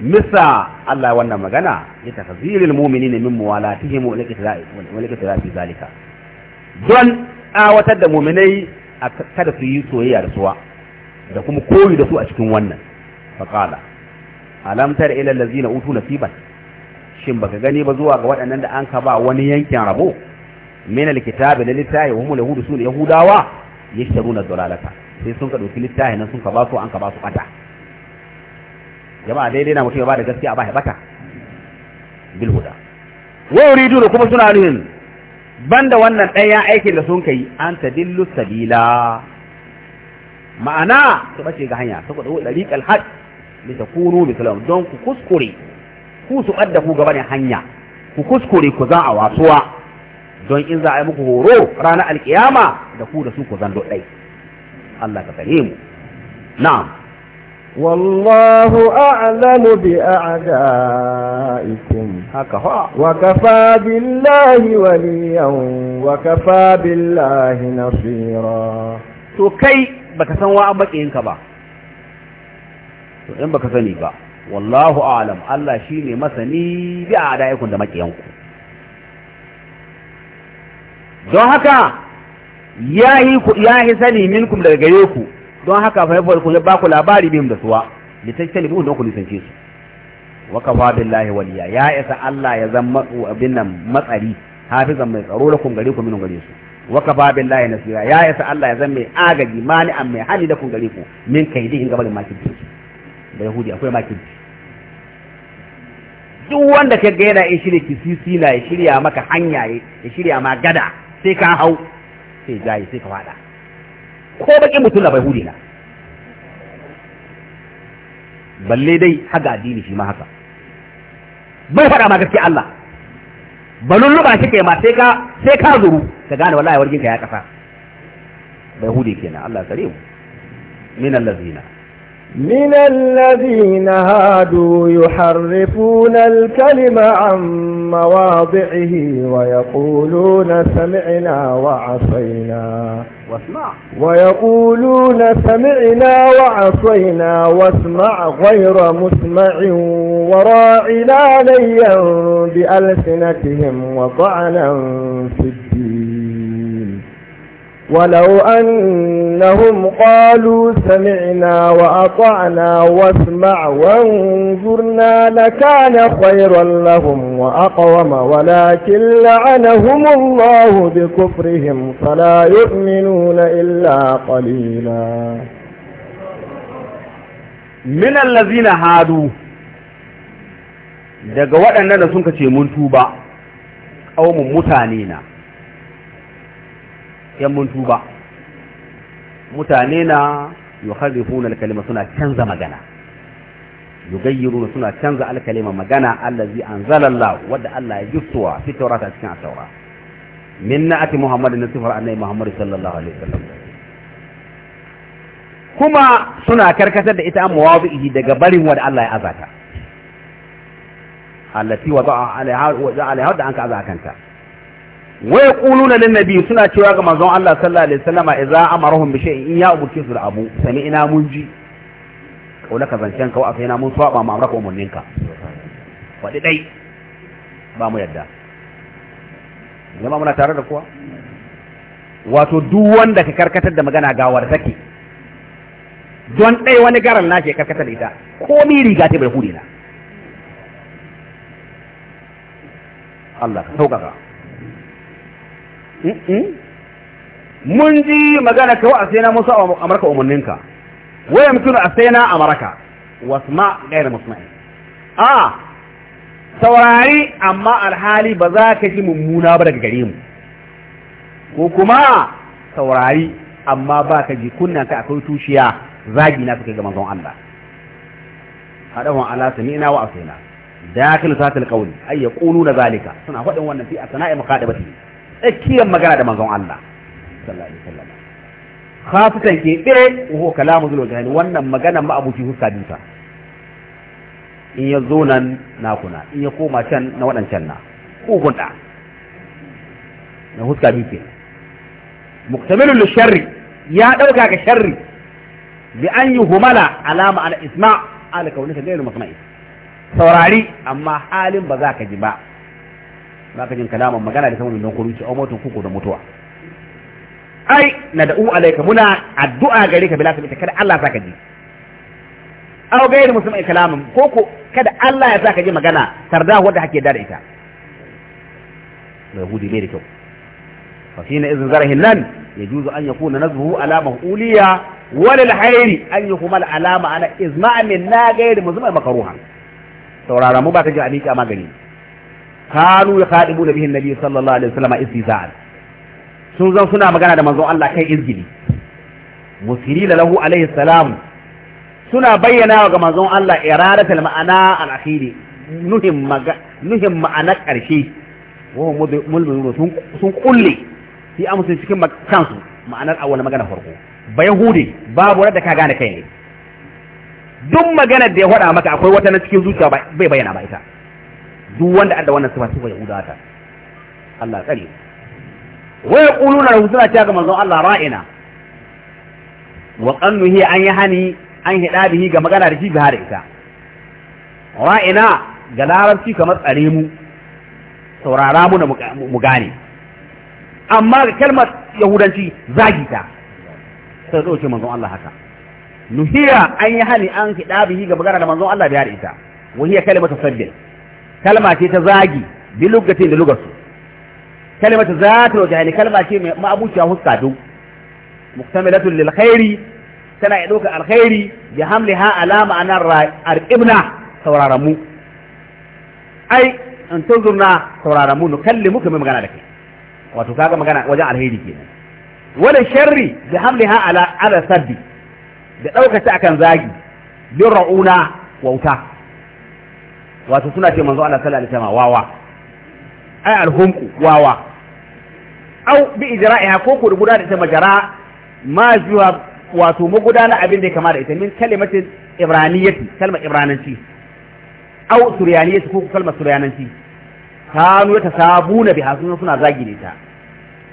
misa Allah wannan magana ya takziril mu'minina min muwalatihim wa liqtira'i fi zalika don awatar da mu'minai a kada su yi soyayya da suwa da kuma koyi da su a cikin wannan faqala alam tar ila allazina utu nasiban shin baka gani ba zuwa ga waɗannan da an ka ba wani yankin rabo min alkitabi na littahi wa humul yahudu sun yahudawa yashtaruna dalalata sai sun ka dauki littahi nan sun ka ba su an ka ba su bata jama'a daidai na mutum ya ba da gaskiya ba ya bata bil huda wa yuridu kuma suna nuhin banda wannan ɗayan aikin da sun kai an ta dillu sabila ma'ana su bace ga hanya saboda wa dariqal haq li takunu bi don ku kuskure ku su ɓadda ku gaba ne hanya ku kuskure ku a wasuwa don in za a yi muku horo ranar alkiyama da ku da su ku zando ɗai Allah ka sani mu na'am wallahu a'lamu bi a'da'ikum haka ha wa kafa waliyan wa kafa billahi to kai baka san wa an ba to in baka sani ba wallahu alam Allah ne masani bi a'daikum da makiyanku don haka ya ku yahi sani minkum daga gare ku don haka fa ku ba ku labari bihim da suwa litajtani bu don ku nisance su wa kafa billahi waliya ya isa Allah ya zan zama abin nan matsari hafizan mai tsaro lakum gare ku minun gare su wa kafa billahi nasira ya isa Allah ya zan mai agaji mani'an mai hali da kun gare ku min kaidi in gaban makin da yahudi akwai makin duk wanda ka in shi ne shirya sisi na ya shirya maka hanya ya shirya ma gada sai ka hau sai jayi sai ka fada ko baki mutum na bai hude na balle dai haga addini shi ma haka bai fada ma gaskiya Allah balun luba shi ke ma sai ka sai ka zuru ka gane wallahi wargin ka ya kasa bai hude kenan Allah kare mu min allazina من الذين هادوا يحرفون الكلم عن مواضعه ويقولون سمعنا وعصينا واسمع ويقولون سمعنا وعصينا واسمع غير مسمع وراعنا ليا بألسنتهم وطعنا في الدين ولو أنهم قالوا سمعنا وأطعنا واسمع وانظرنا لكان خيرا لهم وأقوم ولكن لعنهم الله بكفرهم فلا يؤمنون إلا قليلا من الذين هادوا daga أننا سنكتي منتوبة أو من tuba yan mun tuba mutane na yuharrifuna al-kalima suna canza magana yugayyiruna suna canza al-kalima magana allazi anzala Allah wanda Allah ya jissuwa fi tawrata cikin at-taura min na'ati Muhammadin nasifar annabi Muhammad sallallahu alaihi wasallam kuma suna karkatar da ita an mawazi'i daga barin wanda Allah ya azata allati wada'a alaiha wada'a alaiha da an ka azakanta wai kuluna lin nabi suna cewa ga manzon Allah sallallahu alaihi wasallama idza amarahum bi shay'in in ya ubuke da abu sami ina mun ji kaula ka zancen ka wa ina mun saba ma amraka umurnin ka wadi dai ba mu yadda jama'a muna tare da kuwa wato duk wanda ka karkatar da magana gawar take don ɗaya wani garan nake karkatar da ita mi riga ta bai hure na Allah ka sauƙaƙa mun ji magana ka wa asena musu a amurka umarninka waya mutum asena a maraka wasma gaira musma'i a saurari amma alhali ba za ka ji mummuna ba daga gare mu ko kuma saurari amma ba ka ji kunna ka akwai tushiya zagi na suka gama zon Allah hadahun ala ina wa asena dakil satil qawli ay na zalika suna faɗin wannan fi asana'i muqadabati tsakiyar magana da manzon Allah sallallahu alaihi wasallam khasatan ke dire wa kalamu zul wajhain wannan magana ma abuci huska dinsa in ya zo nan na kuna in ya koma can na wadancan na ugun da na huska dinsa muktamilul lisharri ya dauka ga sharri bi an yuhmala alama ala isma ala kaunika gairu masma'i saurari amma halin ba za ka ji ba baka jin kalaman magana da samun don kuruci au mutun kuku da mutuwa ai na nad'u alayka muna addu'a gare ka bila ta kada Allah saka ji au gairi musulmi kalamin ko ko kada Allah ya saka ji magana sarda wanda hake da ita yahudi bai da kyau fa fina izin zarahin nan yajuzu an yakuna nazbuhu ala mah'uliya wal alhayri an yuhmal alama ala izma'a min na gairi musulmi makruha sauraron mu ba ka ji a miƙa magani kanu ya khadibu nabihin nabi sallallahu alaihi wasallam istizaan sun zan suna magana da manzon Allah kai izgili musirila lahu alaihi salam suna bayyana ga manzon Allah iradatul ma'ana al-akhiri nuhim nuhim ma'ana karshe wa mulmulu sun kulle fi amsin cikin kansu ma'anar awwal magana farko ba yahudi babu wanda ka gane kai ne duk maganar da ya faɗa maka akwai wata na cikin zuciya bai bayyana ba ita duk wanda adda wannan sifa sifa yahuda ta Allah tsare wa yaquluna lahu suna cewa ga manzon Allah ra'ina wa qannuhi an yahani an hida bihi ga magana da shi bi har ita ra'ina ga larabci kamar tsare mu saurara mu da mu gane amma kalmar yahudanci zagi ta sai dauke manzon Allah haka nuhiya an yi hali an hida bihi ga magana da manzon Allah bi har ita wa hiya kalimatu sabbin kalma ce ta zagi bi lugatin da lugarsu kalmatu zatul wajhani kalma ce mai ma'abuciya huska duk muktamilatul lil khairi tana ya dauka alkhairi bi hamliha ala ma'anar arqibna sauraramu ai an tunzurna sauraramu muka kamar magana da kai wato kaga magana wajen alheri kenan wala sharri bi hamliha ala ala saddi da dauka ta akan zagi bi ra'una wauta wato suna ce manzo Allah sallallahu alaihi ma wawa ai alhumku wawa au bi ijra'iha ko ko guda da ita majara ma zuwa wato magudana abin da ya kama da ita min kalimatin ibraniyyati kalmar ibrananci au suryaniyati ko kalmar suryananci kanu ta sabuna biha sun suna zagi ne ta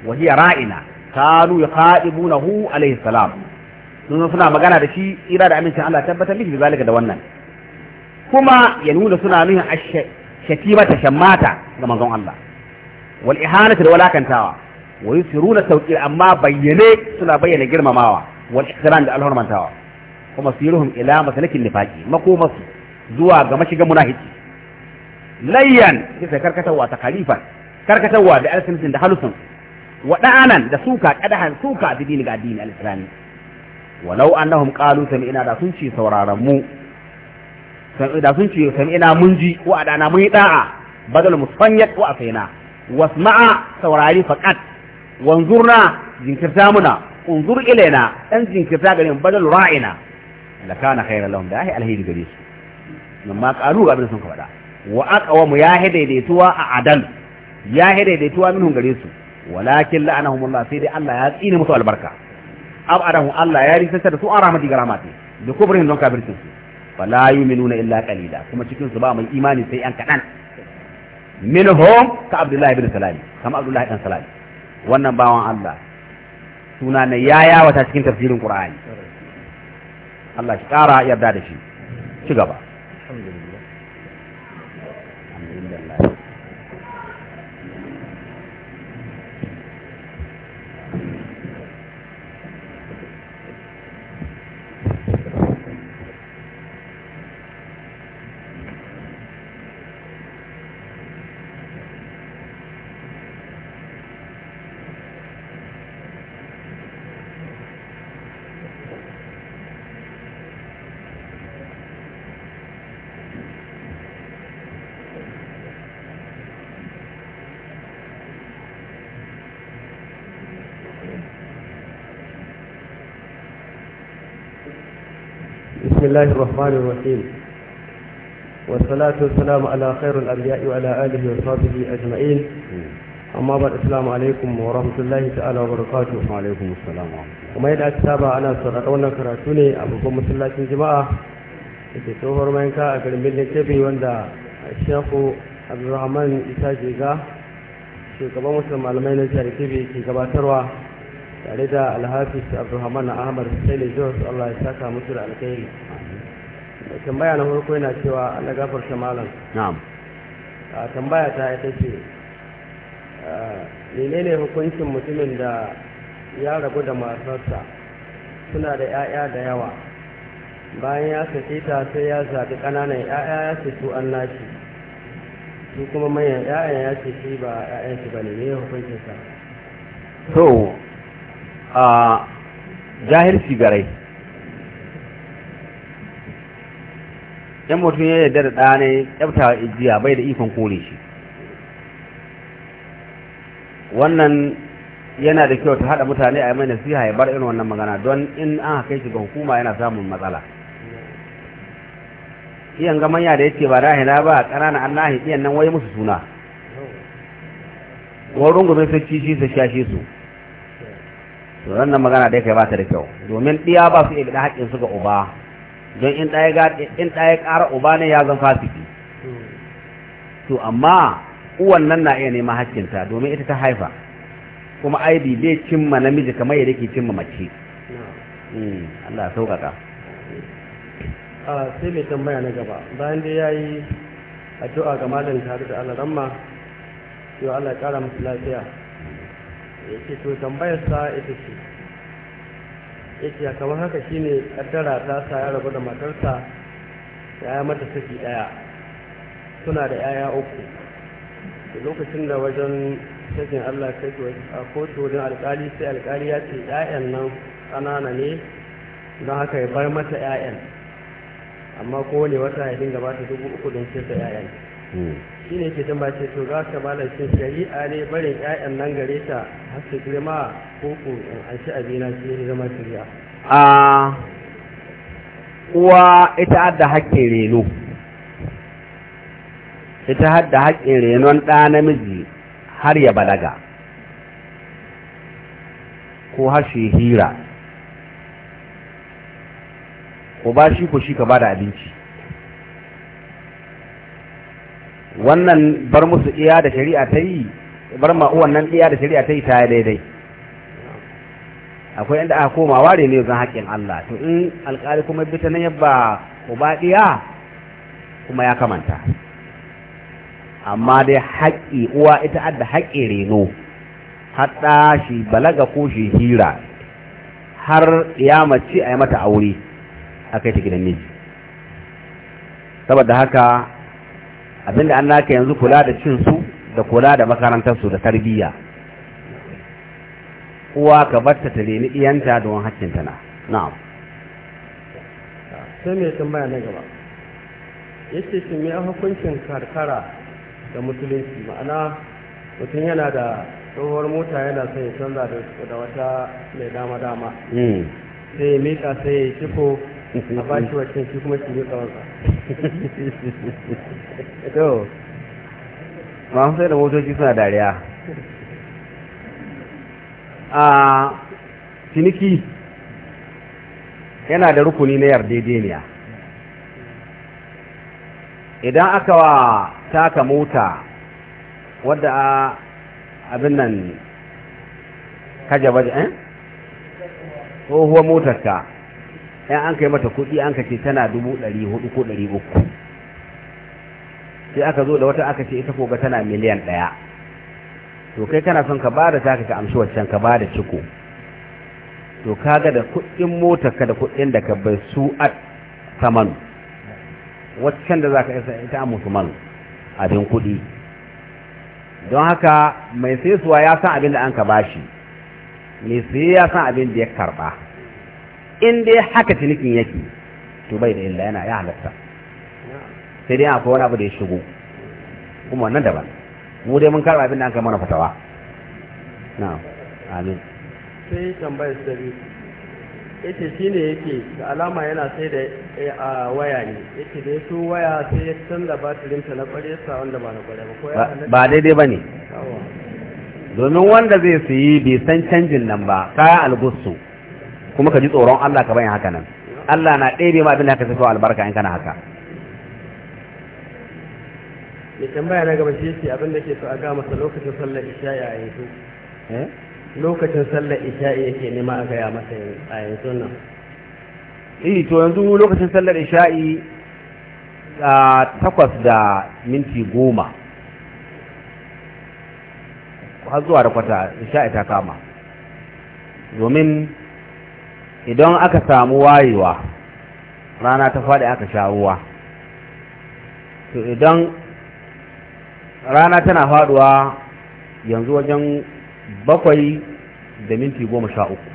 wa hiya ra'ina kanu yaqaibunahu alaihi salam sun suna magana da shi ira da amincin Allah tabbatar miki bi da wannan kuma ya nuna suna nuhin shatima ta shammata ga manzon Allah wal ihanatu da walakantawa wa yusiruna tawqir amma bayyane suna bayyana girmamawa wal ihtiram da alhurmantawa kuma siruhum ila masalakin nifaqi makomasu zuwa ga mashigan munafiki layyan kisa karkatawa ta khalifan karkatawa da alsinsin da halusun wa da suka kadahan suka bidini ga addini al-islami walau annahum qalu sami'na da sun ce sauraron mu da sun ce ina mun ji wa adana mun yi da'a badal musfanyat wa afaina wasma'a saurari faqat wanzurna jinkirta muna unzur ilaina dan jinkirta gare mu badal ra'ina la kana khayran lahum da ahi alhidi gare su ma qalu abin sun faɗa wa mu ya daidaituwa a adal ya hidaydaituwa minhum gare su walakin Allah sai dai Allah ya tsine musu albarka abadahu Allah ya risa da su arama digaramati da kubrin don kafircin su fala nuna illa qalila kuma cikin su ba mai imani sai yan kadan minhum ka abdullahi ibn salami kama abdullahi ibn salami wannan bawan Allah suna na yaya wata cikin tafsirin qur'ani Allah shi kara yarda da shi ci gaba الله الرحمن الرحيم والصلاة والسلام على خير الأنبياء وعلى آله وصحبه أجمعين أما بعد السلام عليكم ورحمة الله تعالى وبركاته وعليكم السلام وما يدعى السابع أنا سرعون كراتوني أبو مسلاة الجماعة ke tsohuwar mayanka a garin birnin kebe a shehu abdulrahman isa jega shugaban wasu na jihar kebe ke gabatarwa tare da alhafis abdulrahman ahmad hussein jos allah ya saka musu da alkhairi tambaya na farko yana cewa Allah gafarta malam na'am tambaya ta ita ce menene hukuncin mutumin da ya rabu da matarsa suna da 'ya'ya da yawa bayan ya sake ta sai ya zaɓi ƙananan 'ya'ya ya ce su an nashi su kuma manyan 'ya'ya ya ce shi ba 'ya'ya shi ba ne ne hukuncin sa to a jahilci garai in mutum ya yarda da ɗa ne ƙyafta ijiya bai da ikon kore shi wannan yana da kyau ta haɗa mutane a yi mai nasiha ya bar irin wannan magana don in an haka shi ga hukuma yana samun matsala iyan ga manya da yake ba rahina ba ƙanana an nahi iyan nan wai musu suna wani rungumin sun ci shi su sha shi su to wannan magana da ya kai ba ta da kyau domin ɗiya ba su iya gida haƙƙinsu ga uba don in ɗaya ƙara uba ne ya zan fasiki to amma uwan nan na iya neman hakkinta domin ita ta haifa kuma aibi bai cimma namiji kamar yadda ke cimma mace hmm, Allah sauƙaƙa sai mai tambaya na gaba bayan da ya yi addu'a ga malin tare da Allah ramma yau Allah ya ƙara masu lafiya ya ce to tambayarsa ita ce yake kamar haka shine kaddara ta sa ya rabu da matarsa ya mata saki daya suna da yaya uku lokacin da wajen sakin Allah Ta kai a kotu wajen alkali sai alkali ya ce ƴaƴan nan ƙanana ne don haka ya bar mata ƴaƴan amma kowane wata ya dinga bata dubu uku don ce da ƴaƴan hmm. shi ne ke tambace to za ka malar shi shari'a ne barin ƴaƴan nan gare ta har su girma a uwa ita adda haƙƙin reno ita hadda haƙƙin renon ɗa namiji har ya balaga ko har shi hira ko ba shi ko shi ka ba da abinci wannan bar musu iya da shari'a ta yi bar ma'uwan nan iya da shari'a ta yi ta daidai akwai inda aka koma ware ne zan haƙƙin Allah to in alƙali kuma bita nan yabba ko ubadiya kuma ya kamanta amma dai haƙƙi uwa ita adda haƙƙi reno hatta shi balaga ko shi hira har ya mace a yi mata aure a kai ta gidan miji saboda haka abinda an naka yanzu kula da cin su da kula da makarantarsu da tarbiyya uwa ka batta ta reni iyanta don hakkin ta na na'am sai mai tambaya na gaba yace shi me hukuncin karkara da musulunci ma'ana mutum yana da tsohuwar mota yana sai ya canza da wata mai dama dama hmm. sai ya mika sai ya kifo a bashi wacce shi kuma shi ne tsawonsa to ma sai da motoci suna dariya a ciniki yana da rukuni na yardejeniya idan aka wa taka mota wadda a abin nan baje eh tsohuwar motarka yan an kai mata kuɗi an ka ce tana dubu ɗari ko ɗari sai aka zo da wata aka ce ita koga tana miliyan ɗaya to kai kana son ka ba da taka ka amshi waccan ka bada ciko to kaga da kuɗin mota ka da kuɗin da ka bai su a saman waccan da zaka isa ita a musamman abin kuɗi don haka mai saisuwa ya san abin da an ka bashi mai saye ya san abin da ya karba in dai haka cinikin yake to bai da illa yana ya halatta sai dai akwai wani abu da ya shigo kuma wannan daban mu dai mun karba abin da an kai mana fatawa na'am amin sai tambayar ta biyu yace shine yake da alama yana sai da eh, a waya ne yake da yaso waya sai ya canza batirin ta na kware sa wanda ba na kware ba ko daidai ba ne bane domin wanda zai sayi bai san canjin nan ba kaya algusu kuma ka ji tsoron Allah ka bayan haka nan Allah na ɗebe ma abin da ka tafi albarka in kana haka mai tambaya na gaba shi abin da ke so a gama masa lokacin sallar isha'i a yanzu eh? lokacin sallar isha yake nema a gaya masa a yanzu nan eh to yanzu lokacin sallar isha'i a takwas da minti goma har zuwa da kwata isha'i ta kama domin idan aka samu wayewa rana ta faɗi aka sha ruwa to idan rana tana faduwa yanzu wajen bakwai da minti goma sha uku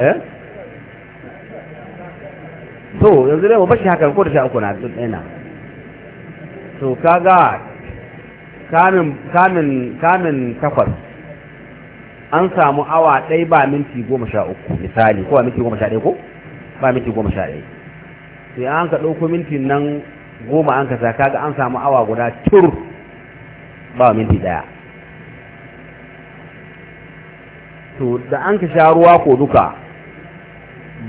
eh so yanzu dai bashi haka ko da sha uku na tun ɗaya to kaga kamin kamin kamin takwas an samu awa ɗaya ba minti goma sha uku misali ko ba minti goma sha ɗaya ko ba minti goma sha ɗaya sai an ka ɗauko minti nan goma an ka saka ga an samu awa guda tur ba minti ɗaya to da an ka sha ruwa ko duka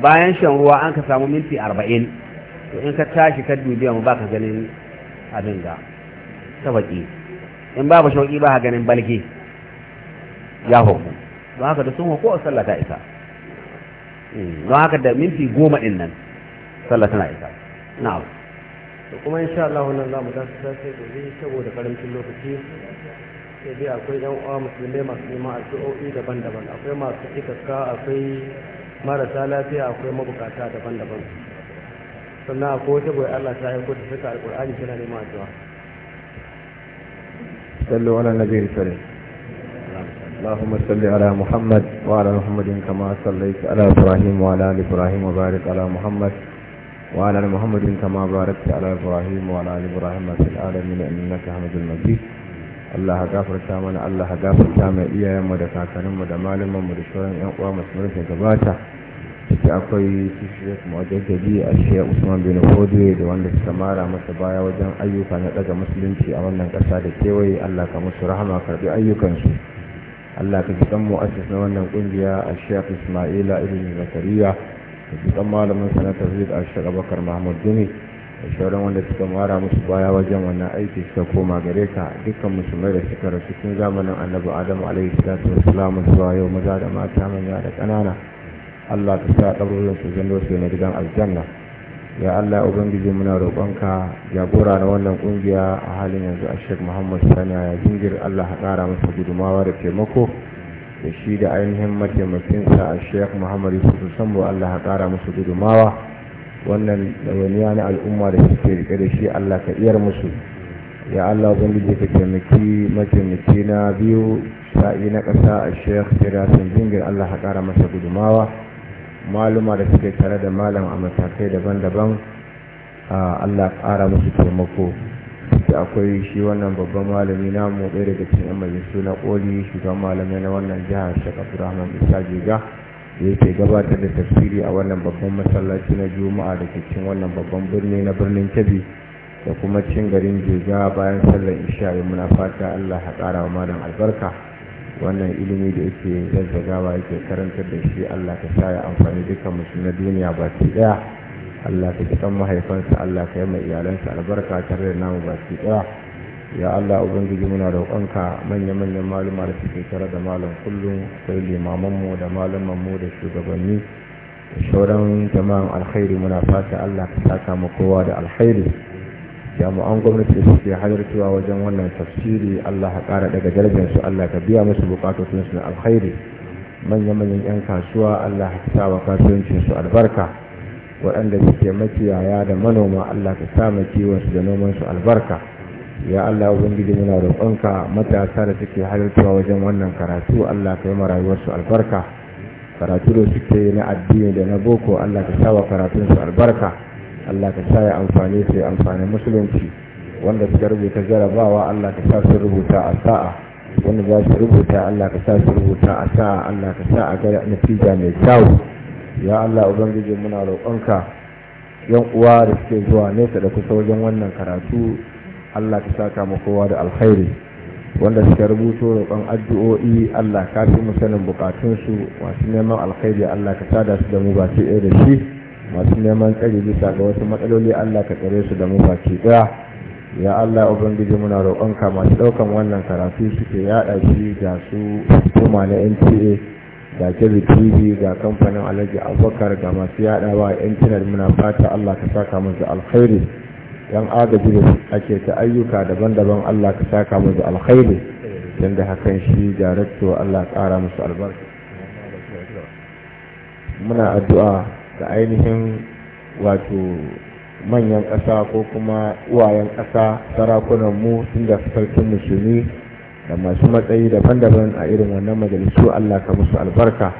bayan shan ruwa an ka samu minti arba'in to in ka tashi ka dubiya mu baka ganin abin ga sabaki in ba ba shauƙi ba ganin balki ya hukun don haka da sun hukun a sallah isa hmm, don haka da minti goma ɗin nan sallah tana isa na'am to kuma insha Allah wannan zamu ta sai gobe saboda karancin lokaci sai dai akwai yan uwa musulmai masu neman addu'o'i daban-daban akwai masu ikaka akwai marasa lafiya akwai mabukata daban-daban sannan akwai wata bai Allah ta aiko ta saka alƙur'ani tana neman addu'a sallu ala nabiyil karim اللهم صل على محمد وعلى محمد كما صليت على ابراهيم وعلى ال ابراهيم وبارك على محمد وعلى ال محمد كما باركت على ابراهيم وعلى ال ابراهيم في العالمين انك حميد مجيد Allah gafarta mana Allah gafarta mai iyayenmu da kakanninmu da malamanmu da sauran yan uwa musulmai da gabata ciki akwai su Sheikh Mujaddadi a Sheikh Usman bin Fodio da wanda suka mara masa baya wajen ayyuka na daga musulunci a wannan ƙasa da kewaye Allah ka musu rahama karbi ayyukansu Allah ka ji kan mu'assis na wannan kungiya a Sheikh Ismaila ibn Zakariya dan malamin sana tafsir a shiga bakar mahmud dumi da shauran wanda suka mara musu baya wajen wannan aiki suka koma gare ka dukkan musulmai da suka rasu tun zamanin annabi adamu alaihi salatu wassalam zuwa yau maza da mata manya da ƙanana Allah ka sa ɗaurorin su zando su ne gidan aljanna ya Allah ubangiji muna roƙonka jagora na wannan ƙungiya a halin yanzu a shek Muhammad Sani ya jingir Allah ya kara masa gudumawa da taimako da shi da ainihin mataimakinsa a sheikh muhammad yusuf sambo allah ya kara musu gudumawa wannan ɗawainiya na al'umma da suke rike da shi allah ka iyar musu ya allah ubangiji ka taimaki mataimaki na biyu sa'i na ƙasa a sheikh tirasin zingir allah ya kara masa gudumawa maluma da suke tare da malam a matakai daban-daban allah kara musu taimako da akwai shi wannan babban malami namu ɗaya daga cikin yan majalisu na koli shugaban malamai na wannan jihar shaka abdulrahman isa jega da yake gabatar da tafsiri a wannan babban masallaci na juma'a da ke cikin wannan babban birni na birnin kebbi da kuma cin garin jega bayan sallar ya muna fata allah ya ƙara wa malam albarka wannan ilimi da yake zazzagawa yake karantar da shi allah ta sa ya amfani dukkan musulmi na duniya ba ta ɗaya Allah ka kitan mahaifansa Allah ka yi mai iyalansa albarka tare da namu baki ɗaya ya Allah ubangiji muna roƙonka manya-manyan maluma da suke tare da malam kullum akwai limamanmu da malamanmu da shugabanni da sauran jama'an alkhairi muna fata Allah ka saka mu kowa da alkhairi jami'an gwamnati suke halartuwa wajen wannan tafsiri Allah ka ƙara daga darajarsu Allah ka biya musu bukatotinsu na alkhairi manya-manyan 'yan kasuwa Allah ka sa wa kasuwancinsu albarka waɗanda suke makiyaya da manoma Allah ka sa kiwonsu da nomansu albarka ya Allah ubangiji muna roƙonka matasa da suke halartuwa wajen wannan karatu Allah ka yi ma rayuwarsu albarka karatu da suke na addini da na boko Allah ka sa wa karatunsu albarka Allah ka sa ya amfani su ya amfani musulunci wanda suka rubuta jarabawa Allah ka sa su rubuta a sa'a wanda za su rubuta Allah ka sa su rubuta a sa'a Allah ka sa a ga natija mai kyau ya Allah ubangiji muna roƙonka yan uwa da suke zuwa nesa da kusa wajen wannan karatu Allah ka saka mu kowa da alkhairi wanda suka rubuto roƙon addu'o'i Allah ka fi mu sanin bukatunsu masu neman alkhairi Allah ka sada su da mu ba ɗaya da shi masu neman tsari bisa ga wasu matsaloli Allah ka tsare su da mu ba ɗaya ya Allah ubangiji muna roƙonka masu ɗaukan wannan karatu suke yaɗa shi da su hukuma na NTA ga kiri tv ga kamfanin alhaji abubakar ga masu yadawa a intanet muna fata allah ka saka musu alkhairi yan agaji da ake ta ayyuka daban-daban allah ka saka musu alkhairi yadda hakan shi darakto allah kara musu albarka muna addu'a ga ainihin wato manyan ƙasa ko kuma uwayen ƙasa sarakunan mu tun da sarkin musulmi da masu matsayi daban-daban a irin wannan majalisu Allah ka musu albarka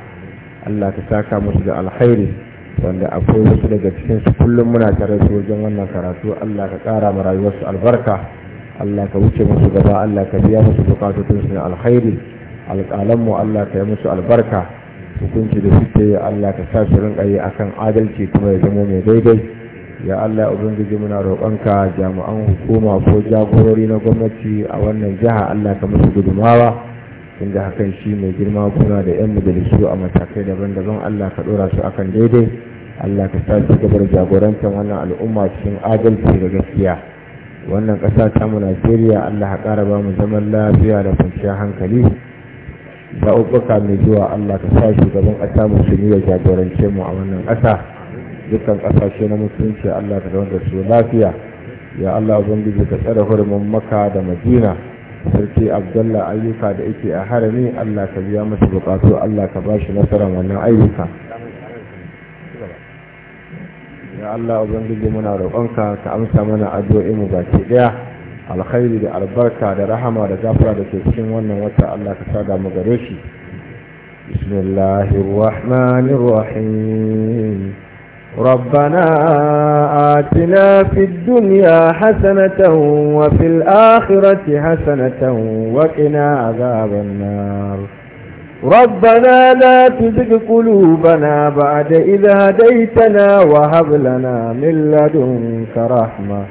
Allah ka saka musu da alkhairi wanda akwai wasu daga cikin su kullum muna tare su wajen wannan karatu Allah ka kara ma rayuwarsu albarka Allah ka wuce musu gaba Allah ka biya musu bukatun su na alkhairi alƙalan mu Allah ka yi musu albarka hukunci da suke Allah ka sa su rinƙa yi akan adalci kuma ya zama mai daidai ya Allah ubangiji muna roƙonka jami'an hukuma ko jagorori na gwamnati a wannan jiha Allah ka musu gudumawa inda hakan shi mai girma kuna da 'yan majalisu a matakai daban-daban Allah ka ɗora su akan daidai Allah ka sa su gabar jagorantar wannan al'umma cikin adalci da gaskiya wannan ƙasa ta mu Najeriya Allah ka ƙara ba mu zaman lafiya da kwanciyar hankali zaɓuɓɓuka mai zuwa Allah ka sa shugaban ƙasa musulmi ya jagorance mu a wannan ƙasa dukkan kasashe na musulunci Allah ta ka da su lafiya ya Allah ubangiji ka tsare hurumin maka da madina sarki abdullah ayyuka da yake a harami Allah ka biya masa bukatu Allah ka ba shi wannan ayyuka ya Allah ubangiji muna roƙonka ka amsa mana addu'o'i mu baki daya alkhairi da albarka da rahama da gafara da ke cikin wannan wata Allah ka sada mu gare shi الله الرحمن الرحيم ربنا آتنا في الدنيا حسنة وفي الآخرة حسنة وقنا عذاب النار ربنا لا تزغ قلوبنا بعد إذ هديتنا وهب لنا من لدنك رحمة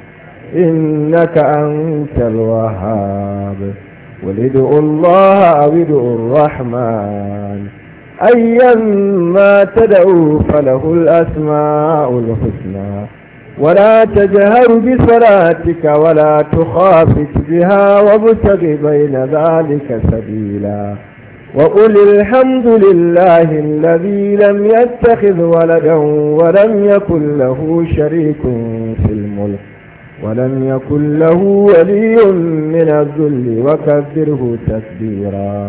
إنك أنت الوهاب ولدعوا الله أو الرحمن أيما تدعوا فله الأسماء الحسنى ولا تجهر بصلاتك ولا تخافت بها وابتغ بين ذلك سبيلا وقل الحمد لله الذي لم يتخذ ولدا ولم يكن له شريك في الملك ولم يكن له ولي من الذل وكبره تكبيرا